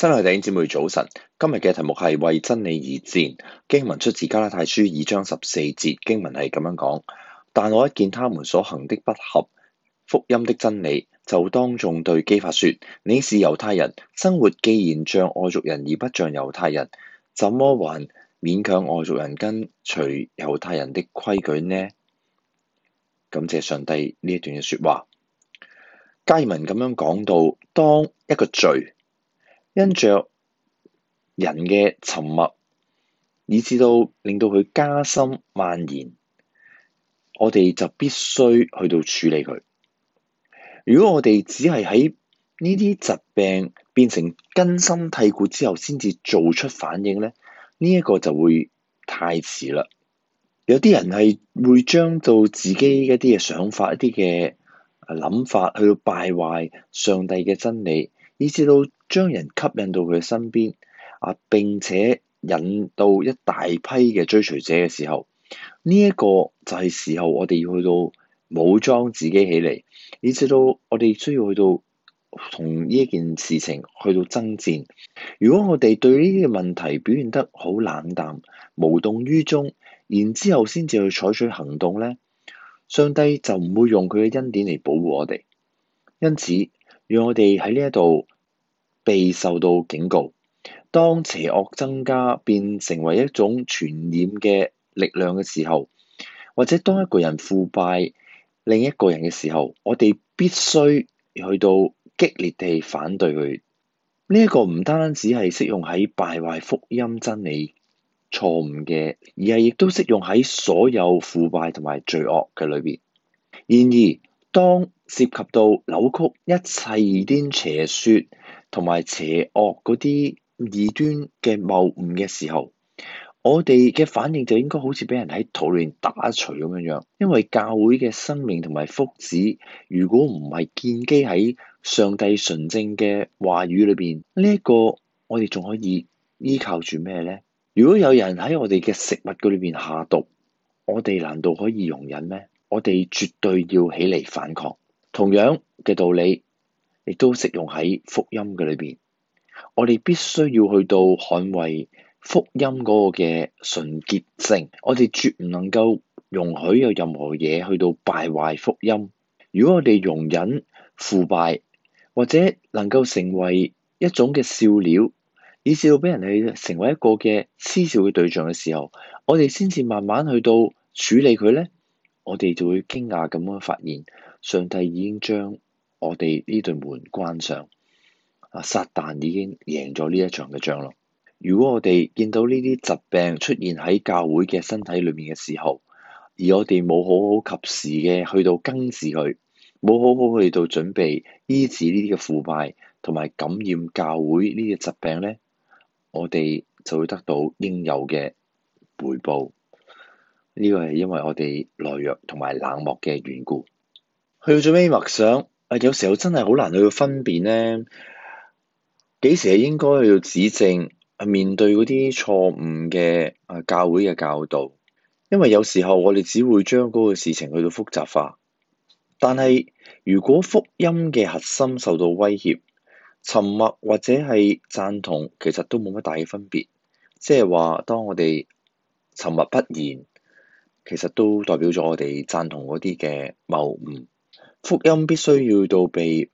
新係弟兄姊妹早晨，今日嘅題目係為真理而戰。經文出自加拉太書二章十四節，經文係咁樣講：但我一見他們所行的不合福音的真理，就當眾對磯法說：你是猶太人，生活既然像外族人，而不像猶太人，怎麼還勉強外族人跟隨猶太人的規矩呢？感謝上帝呢一段嘅說話，加爾文咁樣講到，當一個罪。因着人嘅沉默，以至到令到佢加深蔓延，我哋就必須去到處理佢。如果我哋只係喺呢啲疾病變成根深蒂固之後，先至做出反應咧，呢一個就會太遲啦。有啲人係會將到自己一啲嘅想法、一啲嘅諗法去到敗壞上帝嘅真理，以至到。將人吸引到佢身邊啊，並且引到一大批嘅追隨者嘅時候，呢一個就係時候，我哋要去到武裝自己起嚟，以至到我哋需要去到同呢件事情去到爭戰。如果我哋對呢啲問題表現得好冷淡、無動於衷，然之後先至去採取行動呢，上帝就唔會用佢嘅恩典嚟保護我哋。因此，讓我哋喺呢一度。被受到警告，當邪惡增加，變成為一種傳染嘅力量嘅時候，或者當一個人腐敗另一個人嘅時候，我哋必須去到激烈地反對佢。呢一個唔單止係適用喺敗壞福音真理錯誤嘅，而係亦都適用喺所有腐敗同埋罪惡嘅裏邊。然而，當涉及到扭曲一切異端邪説同埋邪惡嗰啲異端嘅謬誤嘅時候，我哋嘅反應就應該好似俾人喺肚裏邊打一錘咁樣樣，因為教會嘅生命同埋福祉，如果唔係建基喺上帝純正嘅話語裏邊，呢一個我哋仲可以依靠住咩咧？如果有人喺我哋嘅食物嗰裏邊下毒，我哋難道可以容忍咩？我哋絕對要起嚟反抗。同樣嘅道理。亦都適用喺福音嘅裏邊。我哋必須要去到捍衞福音嗰個嘅純潔性。我哋絕唔能夠容許有任何嘢去到敗壞福音。如果我哋容忍腐敗，或者能夠成為一種嘅笑料，以至到俾人哋成為一個嘅恥笑嘅對象嘅時候，我哋先至慢慢去到處理佢咧。我哋就會驚訝咁樣發現，上帝已經將，我哋呢對門關上，啊，撒旦已經贏咗呢一場嘅仗咯。如果我哋見到呢啲疾病出現喺教會嘅身體裏面嘅時候，而我哋冇好好及時嘅去到根治佢，冇好好去到準備醫治呢啲嘅腐敗同埋感染教會呢啲疾病咧，我哋就會得到應有嘅回報。呢、這個係因為我哋懦弱同埋冷漠嘅緣故。去到最尾默想。啊！有時候真係好難去到分辨呢，幾時係應該去指正啊，面對嗰啲錯誤嘅，啊教會嘅教導，因為有時候我哋只會將嗰個事情去到複雜化。但係，如果福音嘅核心受到威脅，沉默或者係贊同，其實都冇乜大嘅分別。即係話，當我哋沉默不言，其實都代表咗我哋贊同嗰啲嘅謬誤。福音必須要到被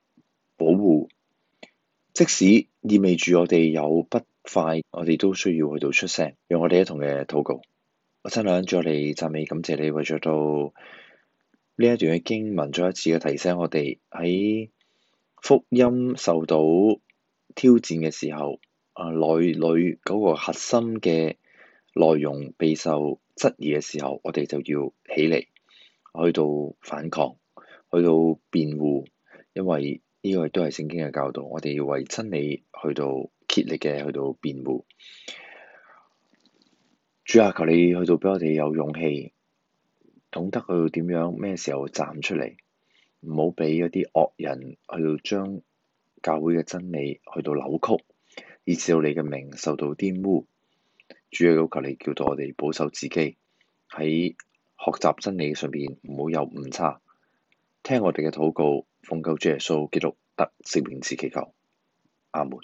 保護，即使意味住我哋有不快，我哋都需要去到出聲，讓我哋一同嘅禱告。我真係好想，再嚟讚美感謝你，為咗到呢一段嘅經文，再一次嘅提醒我哋喺福音受到挑戰嘅時候，啊內裏嗰個核心嘅內容備受質疑嘅時候，我哋就要起嚟去到反抗。去到辯護，因為呢個都係聖經嘅教導。我哋要為真理去到竭力嘅，去到辯護。主啊，求你去到畀我哋有勇氣，懂得去到點樣，咩時候站出嚟，唔好畀一啲惡人去到將教會嘅真理去到扭曲，以至到你嘅名受到玷污。主啊，求你叫到我哋保守自己喺學習真理上邊，唔好有誤差。聽我哋嘅禱告，奉救主耶穌基督得赦免之祈求，阿門。